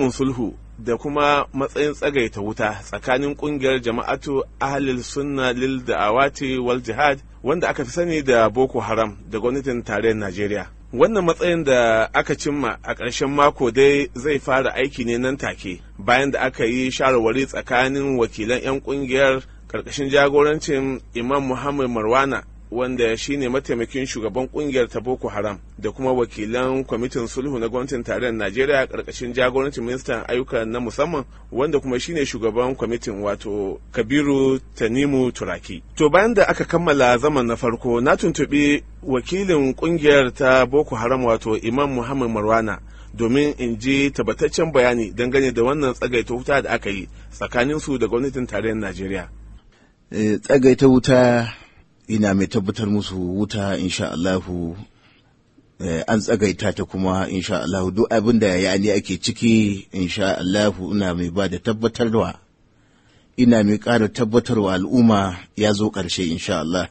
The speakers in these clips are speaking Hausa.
samun sulhu da kuma matsayin tsagaita wuta tsakanin kungiyar jama'atu ahlil sunna lil da'awati wal jihad wanda aka fi sani da boko haram da gwamnatin tarayyar najeriya wannan matsayin da aka cimma a ƙarshen mako dai zai fara aiki ne nan take bayan da aka yi shawarwari tsakanin wakilan 'yan ƙungiyar karkashin jagorancin imam muhammad marwana wanda shine mataimakin shugaban kungiyar ta boko haram da kuma wakilan kwamitin sulhu na gwamnatin tarayyar najeriya karkashin jagorancin ministan ayyukan na musamman wanda kuma shi ne shugaban kwamitin wato kabiru tanimu turaki to bayan da aka kammala zaman na farko na tuntuɓi wakilin kungiyar ta boko haram wato imam muhammad marwana domin in je tabbataccen bayani dangane da wannan tsagaita wuta da aka yi tsakaninsu da gwamnatin tarayyar najeriya eh, tsagaita wuta ina mai tabbatar musu wuta insha Allahu eh, an tsagaita ta kuma insha Allahu duk abin da ya ne ake ciki insha Allahu ina mai ba da tabbatarwa ina mai ƙara tabbatarwa al'umma ya zo ƙarshe insha Allah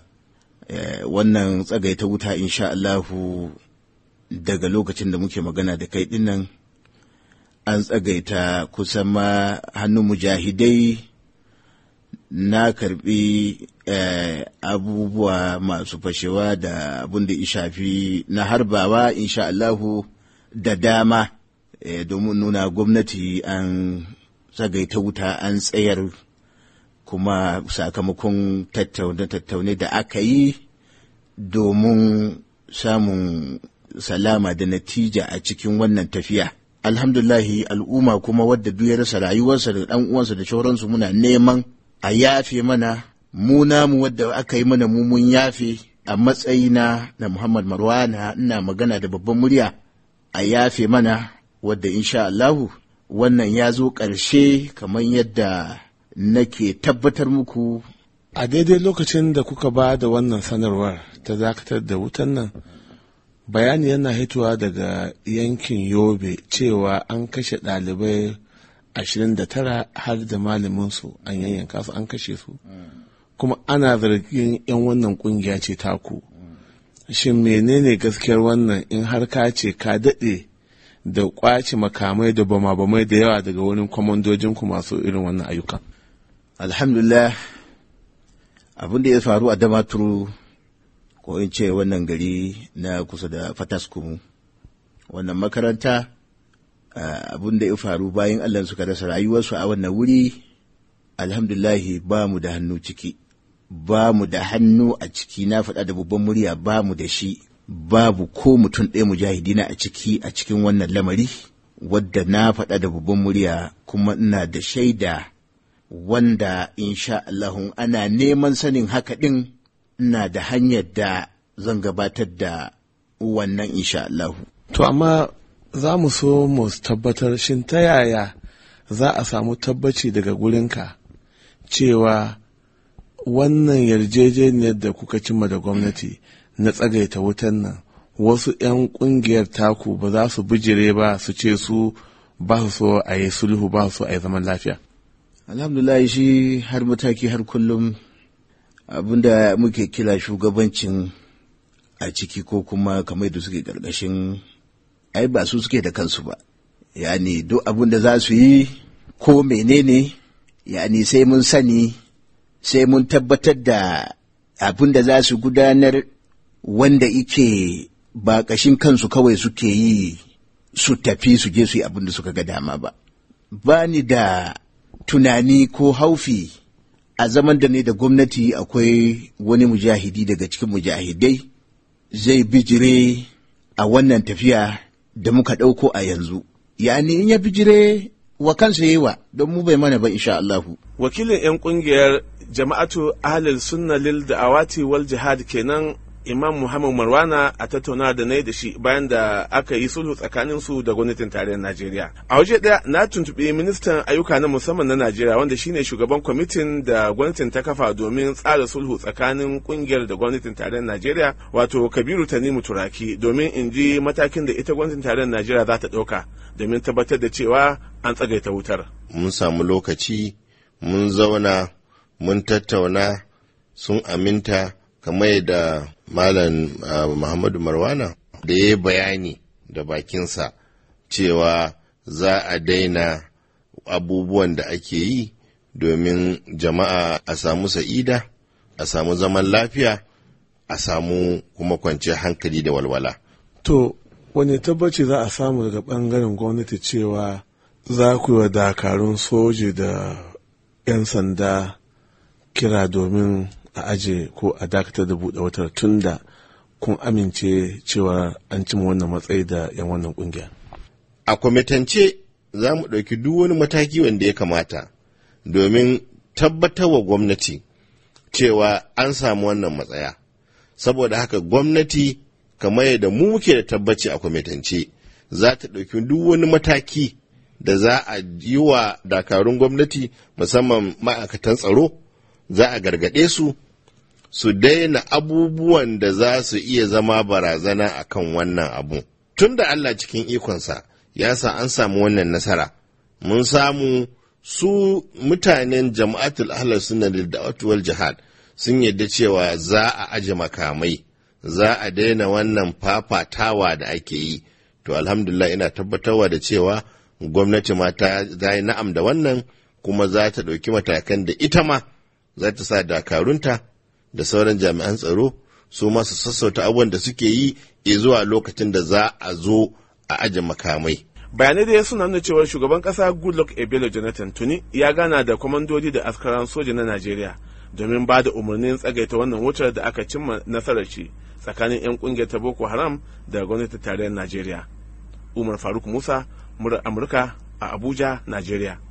eh, wannan tsagaita wuta insha Allahu daga lokacin da muke magana da kai dinnan an tsagaita kusan ma hannun mujahidai na karbi eh, abubuwa masu fashewa da abin da shafi na harbawa insha Allahu da dama eh, domin nuna gwamnati an tsagaita wuta an tsayar kuma sakamakon tattaune-tattaune da aka yi domin samun salama da natija a cikin wannan tafiya. Alhamdulahi al'umma kuma wadda duk ya rasa rayuwarsa da ɗan'uwansa da shauransu muna neman a yafe mana mu namu wadda aka yi mana mu mun yafe a matsayina na Muhammad Marwana ina magana da babban murya a yafe mana wadda insha Allahu wannan ya zo ƙarshe kamar yadda nake tabbatar muku a daidai lokacin da kuka ba da wannan sanarwar ta dakatar da wutan nan bayani yana hitowa daga yankin yobe cewa an kashe ɗalibai ashirin da tara har da malaminsu an yayyanka su an kashe su kuma ana zargin 'yan wannan kungiya ce taku shin menene gaskiyar wannan in har ka ce ka daɗe da ƙwace makamai da bama-bamai da yawa daga wani kwamandojinku masu irin wannan ayyukan alhamdulillah abin da ya faru a damaturu ko in ce wannan gari na kusa da fataskumu wannan makaranta Ah, abin da ya faru bayan Allah suka rasa rayuwarsu a wannan wuri alhamdulahi ba mu da hannu ciki ba mu da hannu a ciki na faɗa da babban murya ba mu da shi babu ko mutum ɗaya mu mujahidina a ciki a cikin wannan lamari wadda na faɗa da babban murya kuma ina da shaida wanda insha Allahun ana neman sanin haka ɗin ina da hanyar da zan gabatar da wannan insha Allahu. To amma za mu so mu tabbatar shin ta yaya za a samu tabbaci daga gurinka cewa wannan yarjejeniyar da kuka cimma da gwamnati na tsagaita wutan nan wasu 'yan kungiyar taku ba za su bijire ba su ce su ba su so a yi sulhu ba su so a yi zaman lafiya alhamdulahi shi har mataki har kullum abinda muke kira shugabancin a ciki ko kuma kamar da suke ƙarƙashin ai ba su suke da kansu ba yani duk abin da za su yi ko menene yani sai mun sani sai mun tabbatar da abin da za su gudanar wanda ike ba ƙashin kansu kawai suke yi su tafi su je su yi abin da suka ga dama ba ba ni da tunani ko haufi a zaman da ne da gwamnati akwai wani mujahidi daga cikin mujahidai zai bijire a wannan tafiya da muka ɗauko a yanzu yani in ya bijire wa kansa yi wa don mu bai mana ba insha Allahu. Wakilin 'yan ƙungiyar jama'atu ahalin sunna lil da'awati wal jihad kenan imam muhammad marwana a tattauna da na da shi bayan da aka yi sulhu tsakanin su da gwamnatin tarayyar najeriya a waje daya na tuntuɓi ministan ayyuka na musamman na najeriya wanda shine shugaban kwamitin da gwamnatin ta kafa domin tsara sulhu tsakanin kungiyar da gwamnatin tarayyar najeriya wato kabiru tanimu turaki domin in ji matakin da ita gwamnatin tarayyar najeriya za ta ɗauka domin tabbatar da cewa an tsagaita wutar mun samu lokaci mun zauna mun tattauna sun aminta kamar da malam uh, muhammadu marwana da ya bayani da bakinsa cewa za a daina abubuwan da ake yi domin jama'a a samu sa'ida a samu zaman lafiya a samu kuma kwanciyar hankali da walwala to wani tabbaci za a samu daga bangaren gwamnati cewa za ku yi wa dakarun soji da 'yan sanda kira domin a aje ko a dakatar da buɗe wata tun da kun amince cewa an cima wannan matsayi da 'yan wannan ƙungiya. A kwamitance za mu ɗauki duk wani mataki wanda ya kamata domin tabbatar wa gwamnati cewa an samu wannan matsaya. Saboda haka gwamnati kamar yadda mu muke da tabbaci a kwamitance za ta ɗauki duk wani mataki da za a yi wa dakarun gwamnati musamman ma'aikatan tsaro za a gargaɗe su su daina abubuwan da za su iya zama barazana a kan wannan abu tun da allah cikin ikonsa ya sa an samu wannan nasara mun samu su mutanen jama'atul ahlar suna da da'atuwar jihad sun yadda cewa za a aje makamai za a daina wannan fafatawa da ake yi to alhamdulillah ina tabbatarwa da cewa gwamnati ma ta yi na'am da wannan kuma za ta ɗauki matakan da ita ma za ta sa dakarunta da sauran jami'an tsaro su masu sassauta abubuwan da suke yi e zuwa lokacin da za a zo a ajin makamai. bayanai da ya suna nuna cewa shugaban kasa goodluck ebele jonathan tuni ya gana da kwamandodi da askaran soja na najeriya domin ba da umarnin tsagaita wannan wutar da aka cimma nasarar shi tsakanin 'yan kungiyar ta boko haram da gwamnati tarayyar najeriya umar faruk musa murar amurka a abuja najeriya